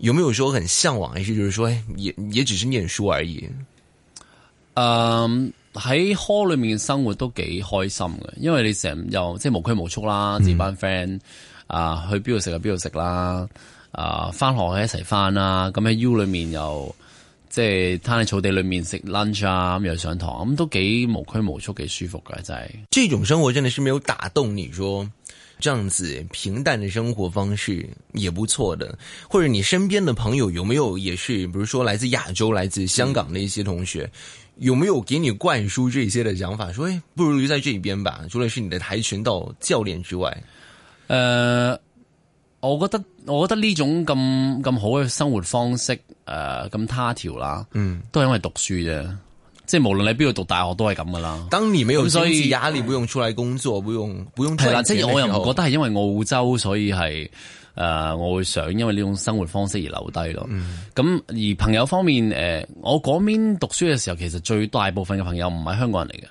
有沒有說很嚮往，還是就是說，也也只是念書而已？嗯，喺 hall 裏面生活都幾開心嘅，因為你成日又即係無拘無束啦，嗯、自班 friend 啊，去邊度食就邊度食啦，啊，翻學喺一齊翻啦，咁喺 U 裏面又即係攤喺草地裏面食 lunch 啊，咁又上堂，咁都幾無拘無束，幾舒服嘅，真係。這種生活真的是沒有打動你？說。這樣子平淡的生活方式也不錯的，或者你身邊的朋友有沒有也是，比如說來自亞洲、來自香港的一些同學，嗯、有沒有給你灌輸這些的想法？說，不如留在這一邊吧。除了是你的跆拳道教練之外，呃，我覺得我覺得呢種咁咁好嘅生活方式，呃，咁他條啦，嗯，都係因為讀書啫。即係無論你邊度讀大學都係咁噶啦，當年沒有所以壓力不、嗯不，不用出來工作，不用不用。係啦，即係我又唔覺得係因為澳洲，所以係誒、呃，我會想因為呢種生活方式而留低咯。咁、嗯、而朋友方面誒、呃，我嗰邊讀書嘅時候，其實最大部分嘅朋友唔係香港人嚟嘅，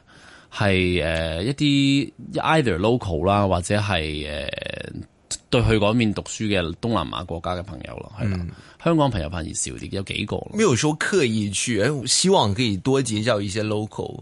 係、呃、一啲 either local 啦，或者係誒、呃、對去嗰邊讀書嘅東南亞國家嘅朋友咯，係啦、嗯。香港朋友反而少啲，有幾個咯。沒有說刻意去，希望可以多結交一些 local。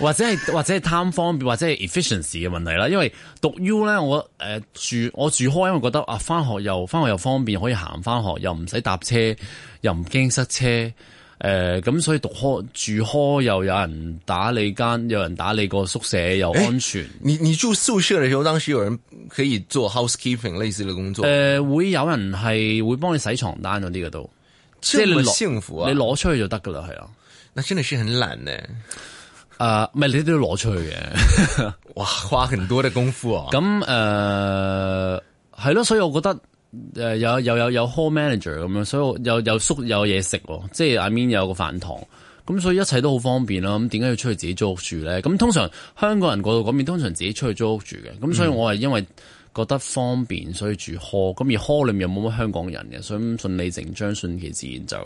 或者係 或者係貪方便，或者係 efficiency 嘅問題啦，因為讀 U 咧，我誒、呃、住我住科，因為覺得啊翻學又翻學又方便，可以行翻學，又唔使搭車，又唔驚塞車。誒、呃、咁所以讀科住科又有人打理間，有人打理個宿舍又安全。欸、你你住宿舍嘅時候，當時有人可以做 housekeeping 類似嘅工作？誒、呃，會有人係會幫你洗床單嗰啲嘅都，這麼幸福啊！你攞出去就得噶啦，係啊，那真的是很懶呢。誒、呃，咪你都要攞出去嘅， 哇，花很多嘅功夫啊！咁誒，係、呃、咯，所以我覺得誒，有又有有 hall manager 咁樣，所以又有，有宿有嘢食，即係面 I mean, 有個飯堂，咁所以一切都好方便咯。咁點解要出去自己租屋住咧？咁通常香港人過到嗰邊，通常自己出去租屋住嘅。咁所以我係因為。嗯覺得方便所以住 hall，咁而 hall 裏面又冇乜香港人嘅，所以順理成章、順其自然就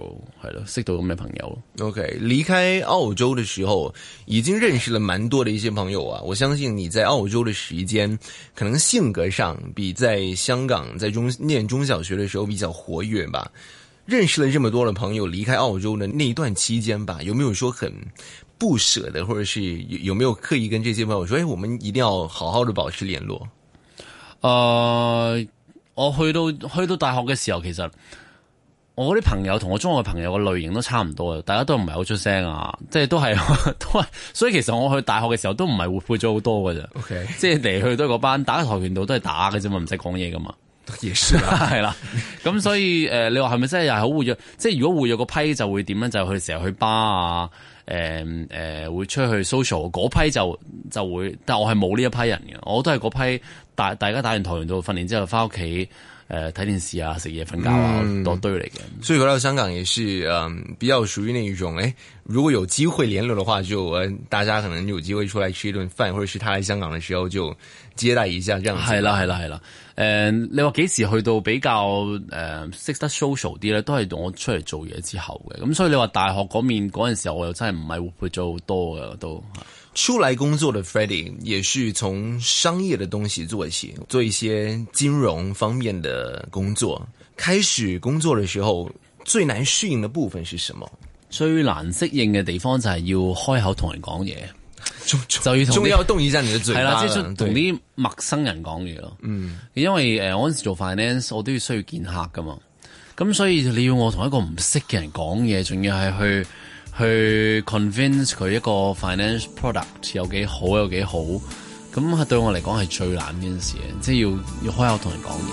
係咯，識到咁嘅朋友。OK，離開澳洲的時候已經認識了蠻多的一些朋友啊！我相信你在澳洲嘅時間，可能性格上比在香港、在中念中小學嘅時候比較活躍吧。認識了這麼多的朋友，離開澳洲嘅那一段期間吧，有沒有說很不捨得？或者是有冇沒有刻意跟這些朋友說：哎，我們一定要好好地保持聯絡。誒、呃，我去到去到大學嘅時候，其實我嗰啲朋友同我中學嘅朋友嘅類型都差唔多嘅，大家都唔係好出聲啊，即係都係都係，所以其實我去大學嘅時候都唔係、okay. yes. 活躍咗好多㗎啫。即係嚟去都係個班打跆拳道都係打㗎啫嘛，唔使講嘢噶嘛。係啦，咁所以誒，你話係咪真係又係好活躍？即係如果活躍個批就會點樣？就去成日去巴啊，誒、呃、誒、呃，會出去 social 嗰批就會就會，但係我係冇呢一批人嘅，我都係嗰批。大大家打完跆拳道訓練之後翻屋企誒，睇電視啊，食嘢瞓覺啊、嗯、多堆嚟嘅，所以佢到香港也是誒、呃、比較屬於呢一種誒、欸，如果有機會聯絡嘅話就、呃、大家可能有機會出嚟吃一頓飯，或者是他喺香港嘅時候就接待一下，這樣係啦係啦係啦。誒、呃，你話幾時去到比較誒、呃、識得 social 啲咧？都係同我出嚟做嘢之後嘅。咁所以你話大學嗰面嗰陣時候，我又真係唔係活潑咗好多噶都。出來工作的 Freddie 也是從商業的東西做起，做一些金融方面的工作。開始工作的時候最難適應的部分是什麼？最難適應嘅地方就係要開口同人講嘢，就要同要動一下你的嘴係啦，即係同啲陌生人講嘢咯。嗯，因為誒、呃，我嗰陣時做 finance，我都要需要見客噶嘛，咁所以你要我同一個唔識嘅人講嘢，仲要係去。去 convince 佢一個 finance product 有幾好有幾好，咁係對我嚟講係最難嘅事，即係要要開口同人講嘢。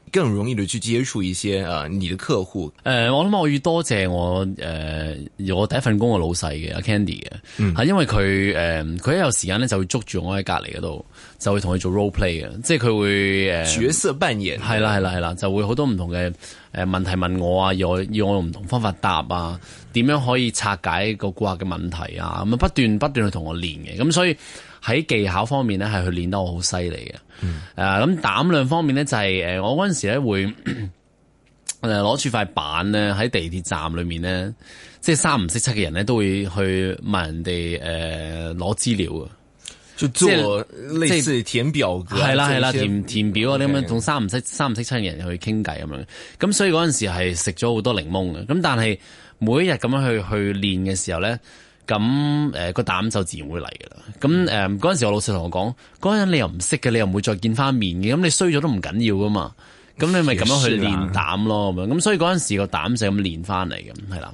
更容易的去接觸一些啊，你的客戶、呃。誒，我諗我要多謝我誒、呃，我第一份工嘅老細嘅 Candy 嘅，係因為佢誒，佢、呃、一有時間咧就會捉住我喺隔籬嗰度，就會同佢做 role play 嘅，即係佢會誒、呃、角色扮演是，係啦係啦係啦，啦，就會好多唔同嘅誒問題問我啊，又要我用唔同方法答啊，點樣可以拆解個顧客嘅問題啊，咁啊不斷不斷去同我練嘅，咁所以。喺技巧方面咧，係佢練得我好犀利嘅。誒、呃、咁膽量方面咧，就係、是、誒我嗰陣時咧會誒攞住塊板咧喺地鐵站裏面咧，即係三唔識七嘅人咧都會去問人哋誒攞資料嘅，即係即係填表等等，係啦係啦填填表啊！你咁樣同三唔識三唔識七嘅人去傾偈咁樣，咁所以嗰陣時係食咗好多檸檬嘅。咁但係每一日咁樣去去練嘅時候咧。咁誒、個膽就自然會嚟㗎啦。咁誒嗰陣時，我老實同我講，嗰陣你又唔識嘅，你又唔會再見翻面嘅。咁你衰咗都唔緊要噶嘛。咁你咪咁樣去練膽咯。咁樣咁所以嗰陣時個膽就咁練翻嚟，咁係啦。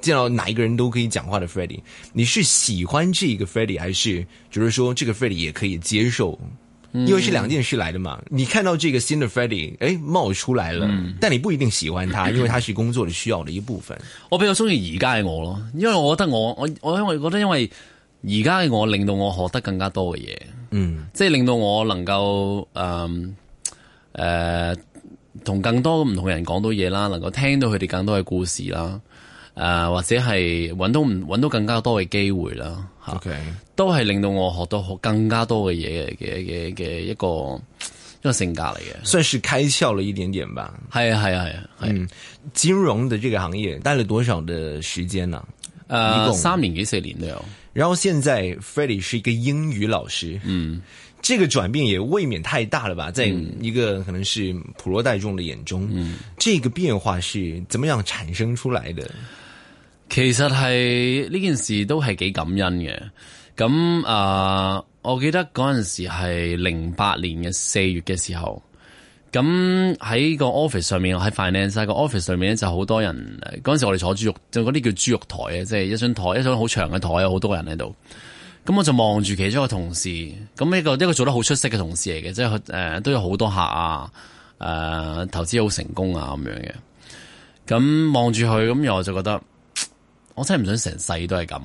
見到哪一個人都可以講話的 Freddie，你是喜歡這個 Freddie，還是就是說這個 Freddie 也可以接受？嗯、因為是兩件事嚟的嘛。你看到這個新的 Freddie，誒、欸，冒出來了，嗯，但你不一定喜歡他，因為他是工作的需要的一部分。我比較中意而家嘅我咯，因為我覺得我我我因為覺得因為而家嘅我令到我學得更加多嘅嘢，嗯，即係令到我能夠誒誒，同、呃呃、更多唔同人講到嘢啦，能夠聽到佢哋更多嘅故事啦。誒，或者係揾到唔揾到更加多嘅機會啦，okay. 都係令到我學到學更加多嘅嘢，嘅嘅嘅一個一個性格嚟嘅，算是開竅了一點點吧。係啊係啊係啊，嗯，金融的這個行業待了多少的時間呢、啊？誒、呃，三年幾四年都有。然後現在 Freddie 是一個英語老師，嗯，這個轉變也未免太大了吧？在一個可能是普羅大眾的眼中，嗯，這個變化是怎麼樣產生出來的？其實係呢件事都係幾感恩嘅。咁啊，呃，我記得嗰陣時係零八年嘅四月嘅時候，咁喺個 office 上面，喺 finance 個 office 上面咧，就好多人。嗰陣時我哋坐豬肉就嗰啲叫豬肉台嘅，即係一張台，一張好長嘅台，有好多人喺度。咁我就望住其中一個同事，咁一個一個做得好出色嘅同事嚟嘅，即係誒都有好多客啊，誒投資好成功啊咁樣嘅。咁望住佢，咁我就覺得。我真係唔想成世都係咁，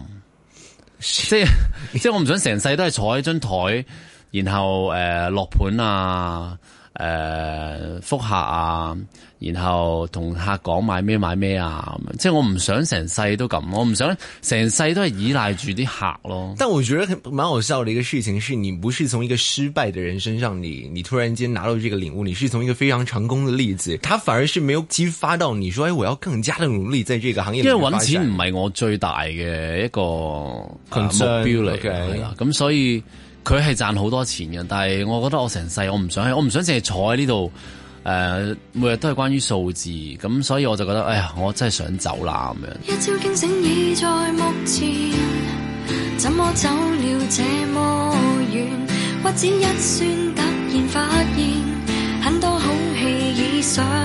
即係即係我唔想成世都係坐喺張枱，然後誒、呃、落盤啊。誒、呃，覆客啊，然後同客講買咩買咩啊，即係我唔想成世都咁，我唔想成世都係依賴住啲客咯。但我覺得很，蠻好笑嘅一個事情是你唔係從一個失敗嘅人身上你，你你突然間拿到這個領悟，你是從一個非常成功嘅例子，他反而是沒有激發到，你說，哎，我要更加嘅努力，在這個行業。因為搵錢唔係我最大嘅一個目標嚟嘅，係、啊、啦，咁、okay. 所以。佢係賺好多錢嘅，但係我覺得我成世我唔想係我唔想淨係坐喺呢度，呃，每日都係關於數字咁，所以我就覺得哎呀我真係想走啦咁樣。一朝驚醒已在目前，怎麼走了這麼遠，或者一瞬突然發現很多空氣已上。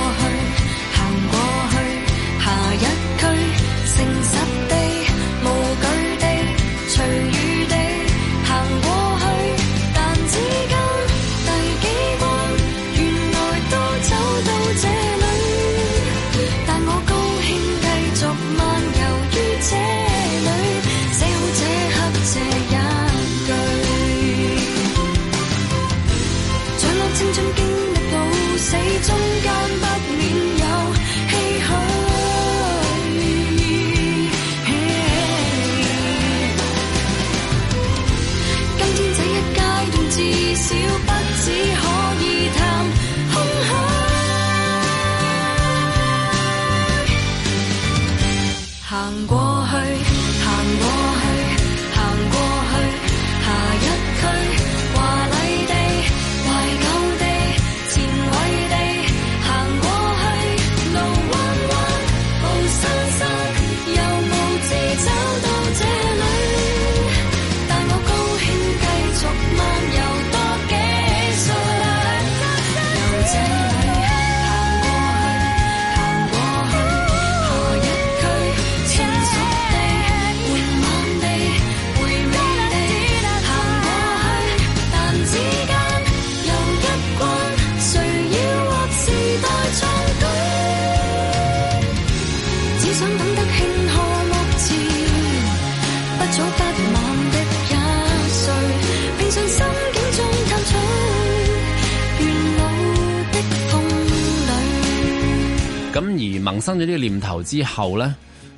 呢個念頭之後咧，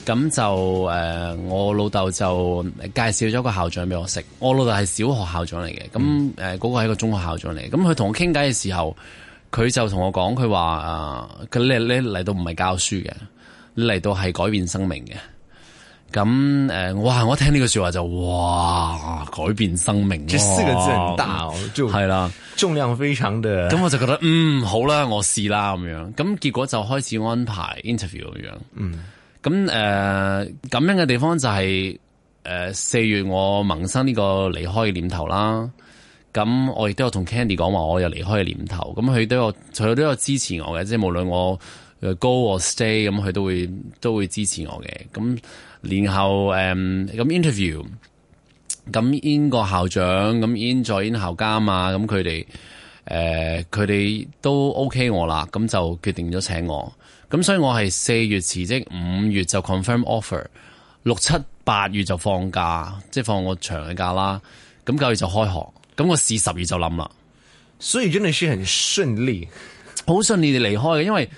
咁就誒，我老豆就介紹咗個校長俾我識。我老豆係小學校長嚟嘅，咁誒，嗰個係個中學校長嚟。咁佢同我傾偈嘅時候，佢就同我講，佢話佢你你嚟到唔係教書嘅，嚟到係改變生命嘅。咁、嗯、誒，哇！我一聽呢句說話就哇，改變生命。這四個字好大，嗯、就係啦，重量非常的。咁、嗯、我就覺得嗯好啦，我試啦咁樣。咁結果就開始安排 interview 咁樣。嗯。咁誒，咁、呃、樣嘅地方就係誒四月，我萌生呢個離開嘅念頭啦。咁我亦都有同 Candy 講話，我有離開嘅念頭。咁佢都有，佢都有支持我嘅，即係無論我 go or stay，咁佢都會都會支持我嘅。咁。然後誒，咁、嗯、interview，咁 in 個校長，咁、嗯、in 再 in 校監啊，咁佢哋誒，佢哋、嗯、都 OK 我啦，咁、嗯、就決定咗請我。咁所以我係四月辭職，五月就 confirm offer，六七八月就放假，即係放我長嘅假啦。咁九月就開學，咁我試十月就諗啦。所以真係係好順利，好順利地離開嘅，因為。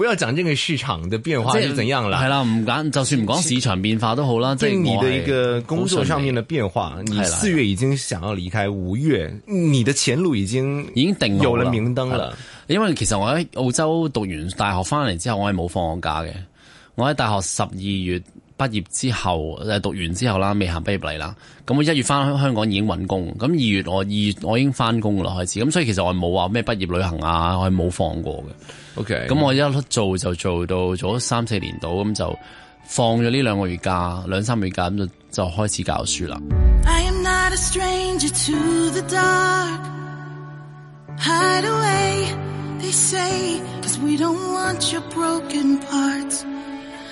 不要講這個市場的變化又怎樣啦。係啦，唔講就算唔講市場變化都好啦。即係你的一個工作上面的變化，你四月已經想要離開，五月你的前路已經已經定有了明燈了。了因為其實我喺澳洲讀完大學翻嚟之後，我係冇放假嘅，我喺大學十二月。畢業之後誒讀完之後啦，未行畢業禮啦，咁我一月翻香港已經揾工，咁二月我二月我已經翻工啦開始，咁所以其實我冇話咩畢業旅行啊，我係冇放過嘅。OK，咁我一做就做到做咗三四年度，咁就放咗呢兩個月假，兩三個月假，咁就就開始教書啦。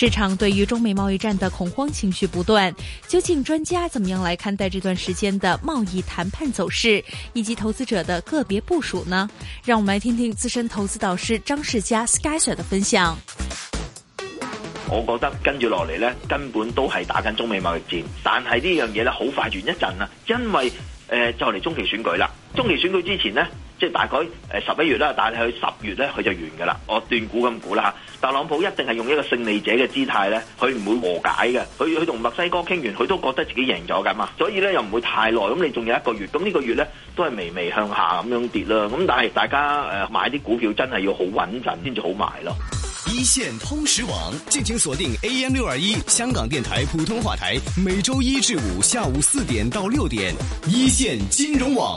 市場對於中美貿易戰的恐慌情緒不斷，究竟專家怎麼樣來看待這段時間的貿易談判走勢以及投資者的個別部署呢？讓我們來聽聽資深投資導師張世佳 Skyser 的分享。我覺得跟住落嚟呢，根本都係打緊中美貿易戰，但係呢樣嘢咧好快完一陣啊，因為誒就嚟中期選舉啦。中期選舉之前呢。即係大概誒十一月啦，但係佢十月咧佢就完噶啦，我斷估咁估啦嚇。特朗普一定係用一個勝利者嘅姿態咧，佢唔會和解嘅。佢佢同墨西哥傾完，佢都覺得自己贏咗噶嘛，所以咧又唔會太耐。咁你仲有一個月，咁呢個月咧都係微微向下咁樣跌啦。咁但係大家誒、呃、買啲股票真係要好穩陣先至好買咯。一線通識網，敬請鎖定 AM 六二一香港電台普通話台，每周一至五下午四點到六點。一線金融網。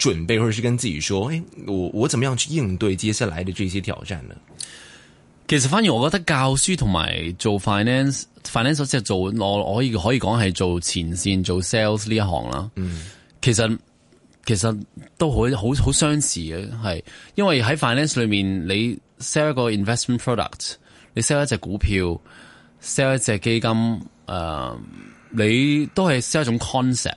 準備，或者是跟自己說，誒、欸，我我怎麼樣去應對接下來的這些挑戰呢？其實反而我覺得教書同埋做 finance，finance 所 finance 即係做，我我可以可以講係做前線做 sales 呢一行啦。嗯，其實其實都好好好相似嘅，係因為喺 finance 裏面，你 sell 一個 investment product，你 sell 一隻股票，sell 一隻基金，誒、呃，你都係 sell 一種 concept。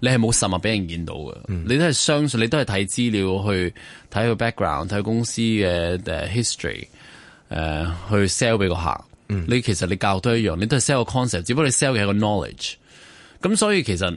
你係冇實物俾人見到嘅，嗯、你都係相信，你都係睇資料去睇佢 background，睇公司嘅誒 history，誒、呃、去 sell 俾個客。嗯、你其實你教育都一樣，你都係 sell 個 concept，只不過你 sell 嘅係個 knowledge。咁所以其實。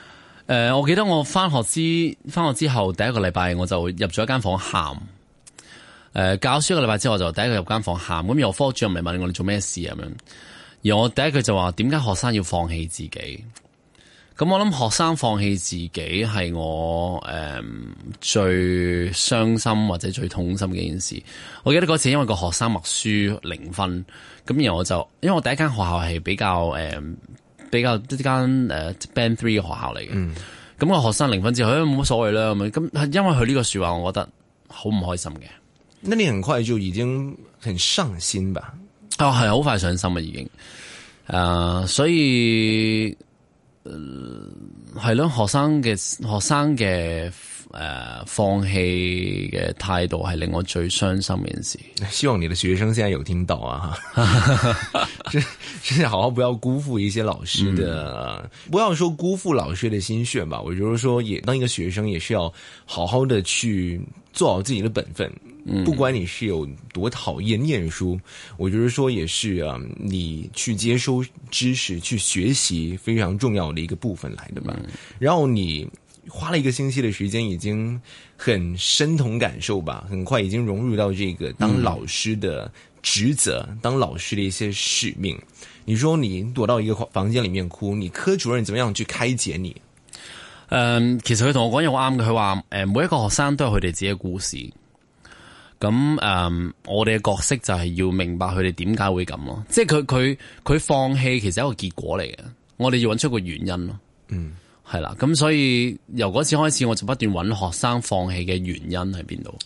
誒、呃，我記得我翻學之翻學之後第一個禮拜，我就入咗一間房喊。誒、呃，教書一個禮拜之後，我就第一個入間房喊。咁然後科主任咪問我哋做咩事咁、啊、樣。而我第一句就話：點解學生要放棄自己？咁我諗學生放棄自己係我誒、呃、最傷心或者最痛心嘅一件事。我記得嗰次因為個學生默書零分，咁然後我就因為我第一間學校係比較誒。呃比較一間誒 Band Three 嘅學校嚟嘅，咁、嗯、個學生零分之後，誒冇乜所謂啦，咁係因為佢呢個說話，我覺得好唔開心嘅。那你很快就已經很上心吧？哦，係好快上心啊，已經。誒、uh，所以，誒，係咯，學生嘅學生嘅。呃，放棄嘅態度係令我最傷心嘅事。希望你嘅學生現在有聽到啊，即 係 好好不要辜負一些老師嘅，嗯，不要說辜負老師的心血吧。我覺得說，說，也當一個學生，也是要好好的去做好自己的本分。不管你是有多討厭念書，我覺得說也是啊，你去接收知識，去學習，非常重要的一個部分來的吧。嗯，然後你。花了一個星期的時間，已經很身同感受吧。很快已經融入到這個當老師的職責、嗯，當老師的一些使命。你說你躲到一個房間裏面哭，你科主任怎麼樣去開解你？嗯，其實佢同我講嘢好啱，佢話誒，每一個學生都有佢哋自己嘅故事。咁誒，嗯，我哋嘅角色就係要明白佢哋點解會咁咯。即係佢佢佢放棄，其實係一個結果嚟嘅。我哋要揾出一個原因咯。嗯。係啦，咁所以由嗰次開始，我就不斷揾學生放棄嘅原因喺邊度。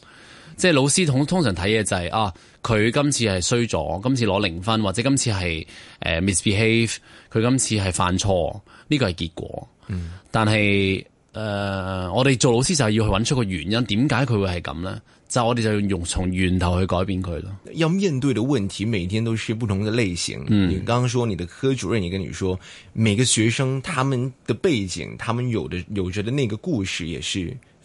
即係老師通常睇嘢就係，啊，佢今次係衰咗，今次攞零分，或者今次係 misbehave，佢今次係犯錯，呢個係結果。嗯，但係。誒、uh，我哋做老師就係要去揾出個原因，點解佢會係咁咧？就我哋就用從源頭去改變佢咯。要面對嘅問題，每天都是不同嘅類型。嗯，你剛剛說你的科主任你，也跟佢說每個學生，他們的背景，他們有的有着的那個故事，也是。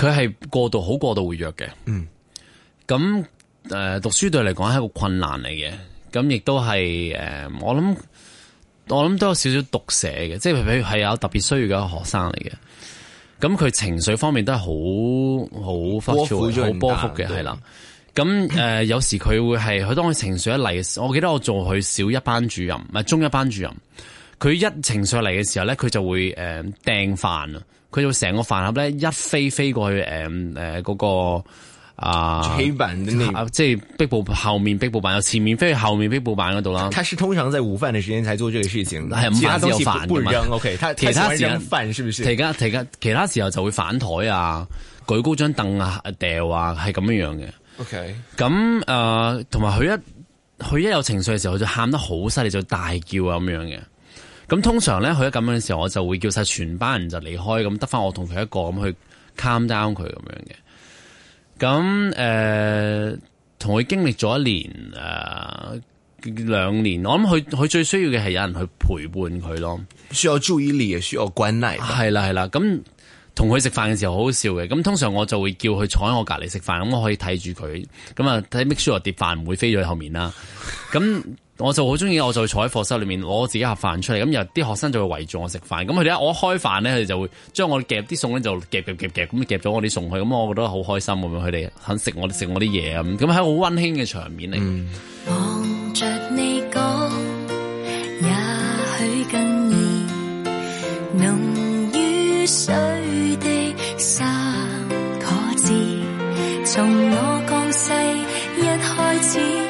佢係過度好過度活躍嘅，咁誒、嗯呃、讀書對嚟講係一個困難嚟嘅，咁亦都係誒、呃、我諗我諗都有少少讀寫嘅，即係譬如係有特別需要嘅學生嚟嘅，咁佢情緒方面都係好好好波幅嘅係啦，咁誒的、嗯呃、有時佢會係佢當佢情緒一嚟嘅時，我記得我做佢小一班主任，唔係中一班主任，佢一情緒嚟嘅時候咧，佢就會誒掟飯啊。呃佢就成個飯盒咧一飛飛過去，嗰個，誒誒嗰個啊，即係壁部後面壁部板，又前面飛去後面壁部板嗰度啦。佢係通常在午飯的時間才做這個事情，係唔係時候飯嘅嘛不 okay？其他時間飯是不是？其他其他其他，其他時候就會反台啊，舉高張凳啊，掉啊，係咁樣樣嘅。OK，咁誒，同埋佢一佢一有情緒嘅時候，佢就喊得好犀利，就大叫啊咁樣嘅。咁通常咧，佢喺咁樣嘅時候，我就會叫曬全班人就離開，咁得翻我同佢一個咁去 calm down 佢咁樣嘅。咁誒，同、呃、佢經歷咗一年誒、呃、兩年，我諗佢佢最需要嘅係有人去陪伴佢咯，需要注意力，也需要關愛。係啦係啦，咁同佢食飯嘅時候好好笑嘅。咁通常我就會叫佢坐喺我隔離食飯，咁我可以睇住佢，咁啊，睇 make sure 碟飯唔會飛咗喺後面啦。咁我就好中意，我就坐喺課室裏面攞自己盒飯出嚟，咁有啲學生就會圍住我食飯。咁佢哋一我一開飯咧，佢哋就會將我夾啲餸咧就夾夾夾夾，咁夾咗我啲餸去，咁我覺得好開心，咁佢哋肯食我食我啲嘢，咁，咁喺好溫馨嘅場面嚟。望、嗯、着你講，也許更易濃於水的三個字，從我降世一開始，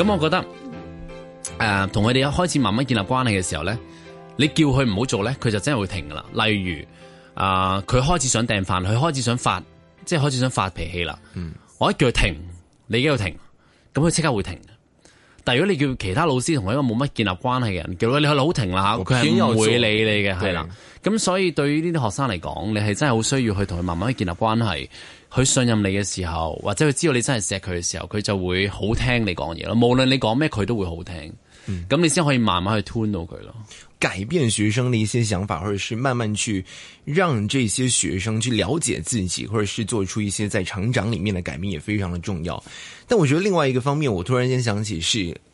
咁我覺得，誒、呃，同佢哋一開始慢慢建立關係嘅時候咧，你叫佢唔好做咧，佢就真係會停噶啦。例如，啊、呃，佢開始想訂飯，佢開始想發，即、就、係、是、開始想發脾氣啦、嗯。我一叫佢停，你叫佢停，咁佢即刻會停。但係如果你叫其他老師同佢一個冇乜建立關係嘅人叫佢，你去老好停啦，佢係唔會理你嘅，係啦。咁所以對於呢啲學生嚟講，你係真係好需要去同佢慢慢建立關係。佢信任你嘅時候，或者佢知道你真係錫佢嘅時候，佢就會好聽你講嘢咯。無論你講咩，佢都會好聽。咁你先可以慢慢去 tune 到佢咯、嗯。改變學生的一些想法，或者是慢慢去讓這些學生去了解自己，或者是做出一些在成長裡面嘅改變，也非常的重要。但我覺得另外一個方面，我突然間想起是。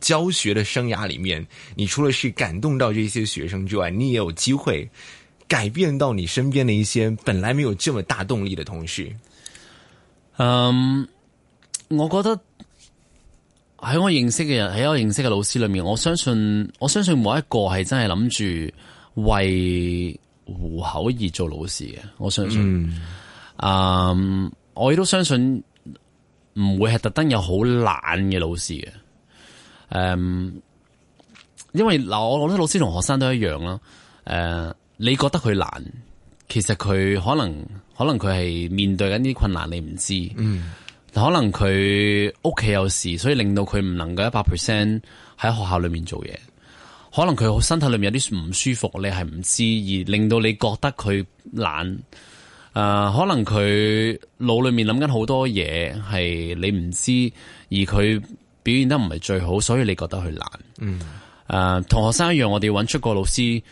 教學嘅生涯裏面，你除咗是感動到這些學生之外，你也有機會改變到你身邊的一些本來沒有這麼大動力的同事。嗯、um,，我覺得喺我認識嘅人，喺我認識嘅老師裏面，我相信我相信冇一個係真係諗住為糊口而做老師嘅。我相信，嗯、um, um,，我亦都相信唔會係特登有好懶嘅老師嘅。誒、um,，因為嗱，我我覺得老師同學生都一樣啦。誒、uh,，你覺得佢懶，其實佢可能可能佢係面對緊啲困難，你唔知。嗯，可能佢屋企有事，所以令到佢唔能夠一百 percent 喺學校裏面做嘢。可能佢身體裏面有啲唔舒服，你係唔知，而令到你覺得佢懶。誒、uh,，可能佢腦裏面諗緊好多嘢，係你唔知，而佢。表現得唔係最好，所以你覺得佢難。嗯、呃，誒，同學生一樣，我哋揾出個老師、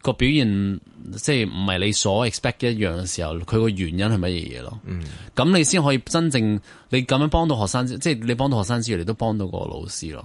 個表現，即係唔係你所 expect 一樣嘅時候，佢個原因係乜嘢嘢咯？嗯，咁你先可以真正你咁樣幫到學生，即係你幫到學生之餘，你都幫到個老師咯。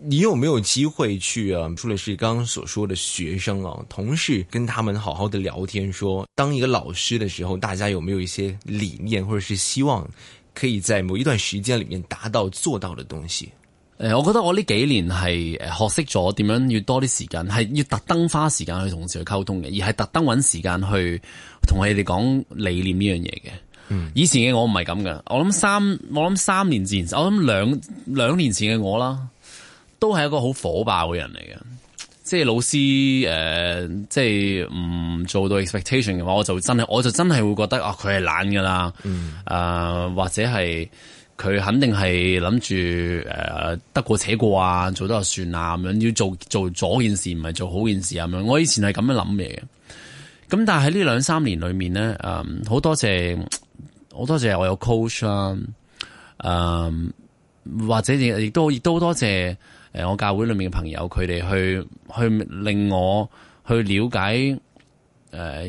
你有沒有機會去啊？除了是剛剛所說的學生啊，同事跟他們好好的聊天，說當一個老師的時候，大家有沒有一些理念，或者是希望可以在某一段時間裏面達到做到的東西？誒，我覺得我呢幾年係學識咗點樣多要多啲時間，係要特登花時間去同事去溝通嘅，而係特登搵時間去同佢哋講理念呢樣嘢嘅。嗯，以前嘅我唔係咁㗎，我諗三我諗三年前，我諗兩兩年前嘅我啦。都係一個好火爆嘅人嚟嘅，即係老師誒、呃，即係唔做到 expectation 嘅話，我就真係我就真係會覺得啊，佢係懶噶啦，誒、嗯呃、或者係佢肯定係諗住誒得過且過啊，做得就算呀、啊，咁樣要做做咗件事唔係做好件事咁、啊、樣我以前係咁樣諗嘢嘅，咁但係喺呢兩三年裏面咧，誒、呃、好多謝好多謝我有 coach 啦、啊，誒、呃、或者亦亦都亦都好多謝。誒，我教會裏面嘅朋友，佢哋去去令我去了解誒、呃，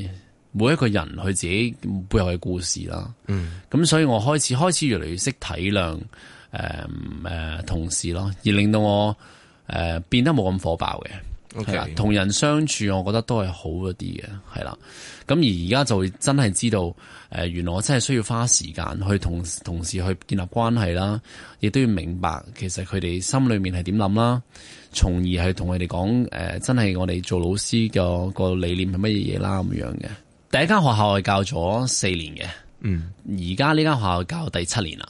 每一個人佢自己背後嘅故事啦。嗯，咁所以我開始開始越嚟越識體諒誒誒同事咯，而令到我誒、呃、變得冇咁火爆嘅。係、okay, 同人相處，我覺得都係好一啲嘅，係啦。咁而而家就真係知道，誒、呃，原來我真係需要花時間去同同事去建立關係啦，亦都要明白其實佢哋心裏面係點諗啦，從而係同佢哋講，誒、呃，真係我哋做老師嘅個理念係乜嘢嘢啦咁樣嘅。第一間學校係教咗四年嘅，嗯，而家呢間學校教第七年啦。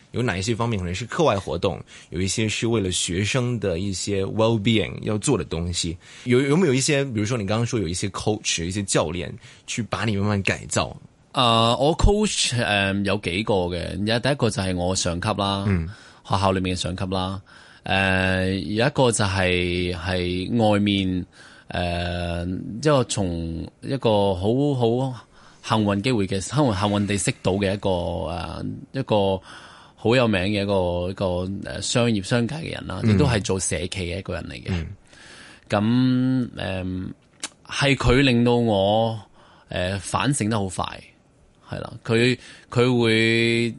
有哪一些方面可能是課外活動，有一些是為了學生的一些 well-being 要做的東西，有有沒有一些，比如說你剛剛說有一些 coach，一些教練去把你慢慢改造？啊、呃，我 coach 誒、呃、有幾個嘅，有第一個就係我上級啦、嗯，學校裏面嘅上級啦，誒、呃、有一個就係、是、係外面誒、呃、一個從一個好好幸運機會嘅，幸運幸運地識到嘅一個誒一個。呃一個好有名嘅一個一個誒商業商界嘅人啦，亦都係做社企嘅一個人嚟嘅。咁誒係佢令到我誒反省得好快，係啦，佢佢會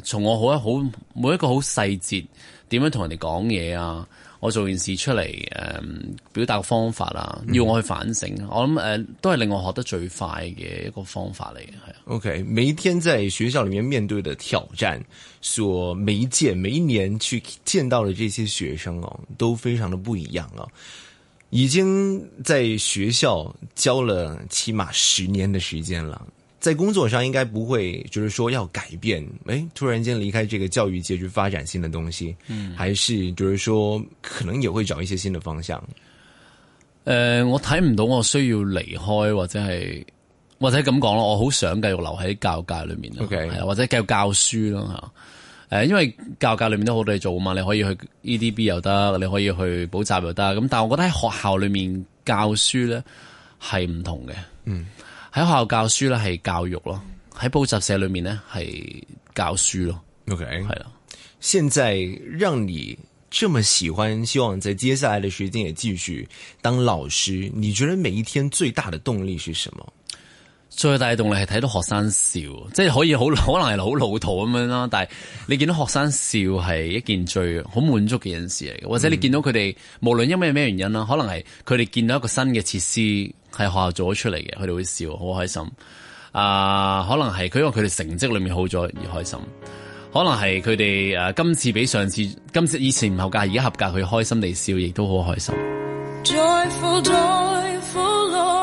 誒從我好一好每一個好細節點樣同人哋講嘢啊。我做完事出嚟，嗯，表達方法啦，要我去反省，嗯、我諗誒、呃、都係令我學得最快嘅一個方法嚟嘅，係啊。OK，每一天在學校裏面面對的挑戰，所以每一屆，每一年去見到的這些學生哦，都非常的不一樣哦，已經在學校教了起碼十年嘅時間啦。在工作上應該不會，就是說要改變，誒、哎，突然間離開這個教育界，去發展新的東西，嗯，還是就是說可能也會找一些新的方向。誒、呃，我睇唔到我需要離開或者係或者咁講咯，我好想繼續留喺教育界裏面，OK，或者繼續教書咯吓，誒，因為教育界裏面都好多嘢做啊嘛，你可以去 EDB 又得，你可以去補習又得，咁但係我覺得喺學校裏面教書咧係唔同嘅，嗯。喺學校教書咧係教育咯，喺補習社裏面咧係教書咯。OK，係啦。現在讓你這麼喜歡，希望在接下來的時間也繼續當老師。你覺得每一天最大的動力是什麼？最大嘅動力係睇到學生笑，即係可以好，可能係好老土咁樣啦。但係你見到學生笑係一件最好滿足嘅人事嚟嘅，或者你見到佢哋、嗯、無論因為咩原因啦，可能係佢哋見到一個新嘅設施。喺學校做咗出嚟嘅，佢哋會笑，好開心。啊，uh，可能係佢因為佢哋成績裏面好咗而開心，可能係佢哋誒今次比上次今次以前唔合格，而家合格，佢開心地笑，亦都好開心。Joyful, Joyful Lord,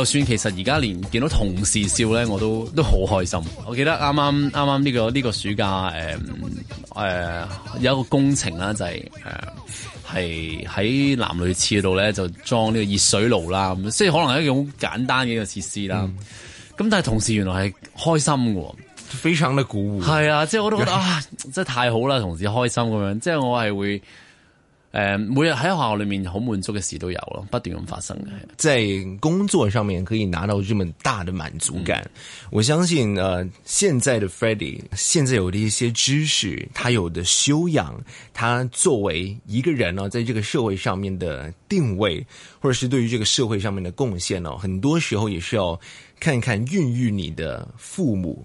就算其實而家連見到同事笑咧，我都都好開心。我記得啱啱啱啱呢個呢個暑假，誒誒有一個工程啦，就係誒係喺男女廁度咧就裝呢個熱水爐啦。咁即係可能係一種簡單嘅一個設施啦。咁、嗯、但係同事原來係開心喎，非常呢鼓舞。係啊，即係我都覺得 啊，真係太好啦！同事開心咁樣，即係我係會。誒，每日喺學校裏面好滿足嘅事都有咯，不斷咁發生嘅。喺工作上面可以拿到這麼大的滿足感，嗯、我相信呃現在的 Freddie，現在有啲一些知識，他有的修養，他作為一個人呢、哦，在這個社會上面的定位，或者是對於這個社會上面的貢獻呢、哦，很多時候也需要看一看孕育你的父母。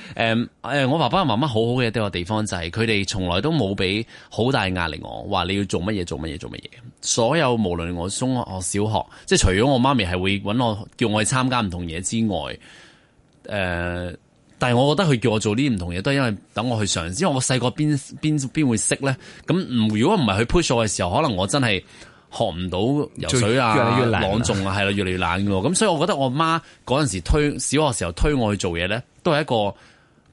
誒、嗯、誒，我爸爸媽媽好好嘅一個地方就係佢哋從來都冇俾好大壓力我，話你要做乜嘢、做乜嘢、做乜嘢。所有無論我中學、小學，即係除咗我媽咪係會搵我叫我去參加唔同嘢之外，誒、嗯，但係我覺得佢叫我做啲唔同嘢都係因為等我去嘗試，因為我細個邊邊邊會識咧？咁唔如果唔係去 push 我嘅時候，可能我真係學唔到游水啊、朗誦啊，係啦，越嚟越難嘅。咁所以我覺得我媽嗰陣時推小學時候推我去做嘢咧，都係一個。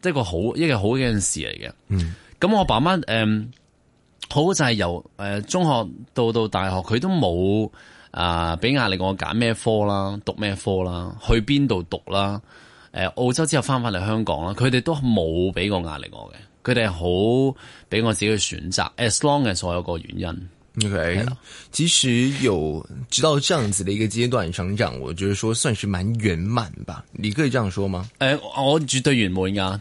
即係個好，一個好一件事嚟嘅。咁、嗯、我爸媽誒、嗯、好就係由誒中學到到大學，佢都冇啊俾壓力我揀咩科啦，讀咩科啦，去邊度讀啦。誒、呃、澳洲之後翻翻嚟香港啦，佢哋都冇俾過壓力我嘅。佢哋係好俾我自己嘅選擇，as long as 所有個原因。Okay，是、啊、即使有直到這樣子的一個階段成長，我就是說算是蠻圓滿吧？你可以這樣說嗎？誒、呃，我絕對圓滿噶。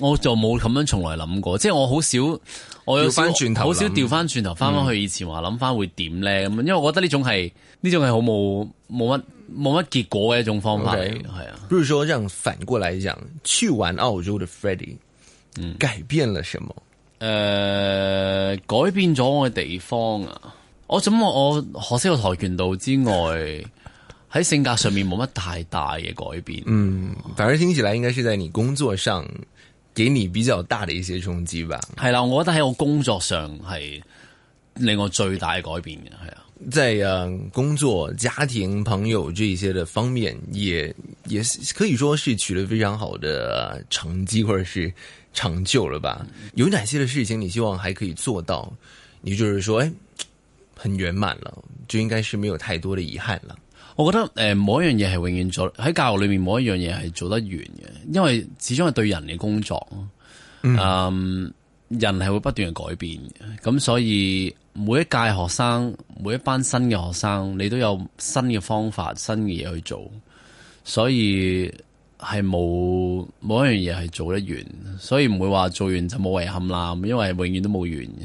我就冇咁樣從來諗過，即係我好少，我有，有翻轉頭，轉頭，好少掉翻轉頭翻翻去以前話諗翻會點咧咁。因為我覺得呢種係呢種係好冇冇乜冇乜結果嘅一種方法。係、okay, 啊，不如說，讓反過來講，去玩澳洲嘅 Freddy，嗯、改變了什麼？誒、呃，改變咗我嘅地方啊！我咁我學識咗跆拳道之外，喺性格上面冇乜太大嘅改變。嗯，反而聽起來應該是在你工作上。給你比較大的一些衝擊吧，係啦，我覺得喺我工作上係令我最大嘅改變嘅，係啊，即係工作、家庭、朋友這一些的方面，也也可以說是取得非常好的成績，或者是成就了吧？嗯、有哪些的事情你希望還可以做到？你就是說，誒、欸，很圓滿了，就應該是沒有太多的遺憾了。我覺得誒，冇、呃、一樣嘢係永遠做，喺教育裏面冇一樣嘢係做得完嘅，因為始終係對人嘅工作，嗯，呃、人係會不斷改變，咁所以每一屆學生，每一班新嘅學生，你都有新嘅方法、新嘅嘢，去做，所以係冇冇一樣嘢係做得完，所以唔會話做完就冇遺憾啦，因為永遠都冇完嘅。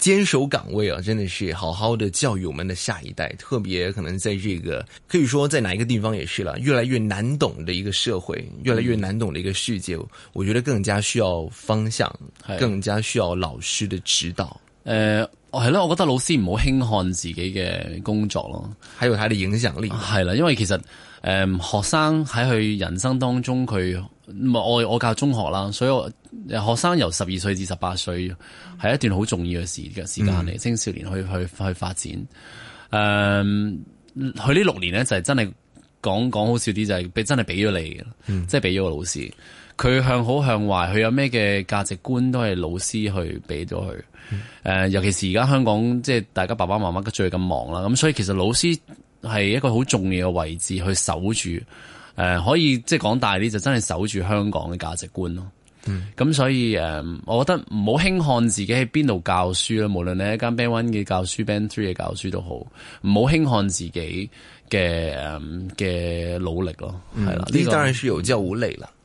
堅守崗位啊，真的是好好的教育我們的下一代，特別可能在這個可以說在哪一個地方也是啦，越來越難懂的一個社會，越來越難懂的一個世界，嗯、我覺得更加需要方向，更加需要老師的指導。呃，我覺得老師唔好輕看自己嘅工作咯，喺度睇你嘅影響力啦，因為其實誒、呃、學生喺佢人生當中佢。唔係我我教中學啦，所以我學生由十二歲至十八歲係一段好重要嘅時嘅時間嚟，青少年去去去發展。誒、嗯，佢呢六年咧就係真係講講好笑啲，就係、是、俾真係俾咗你，即係俾咗個老師。佢向好向壞，佢有咩嘅價值觀都係老師去俾咗佢。誒、嗯，尤其是而家香港即係大家爸爸媽媽最近咁忙啦，咁所以其實老師係一個好重要嘅位置去守住。誒，可以即係講大啲，就真係守住香港嘅價值觀咯。咁、嗯、所以誒，我覺得唔好輕看自己喺邊度教書啦。無論你一間 Band One 嘅教書，Band Three 嘅教書都好，唔好輕看自己嘅嘅、嗯、努力咯。係啦，呢、嗯這個。當然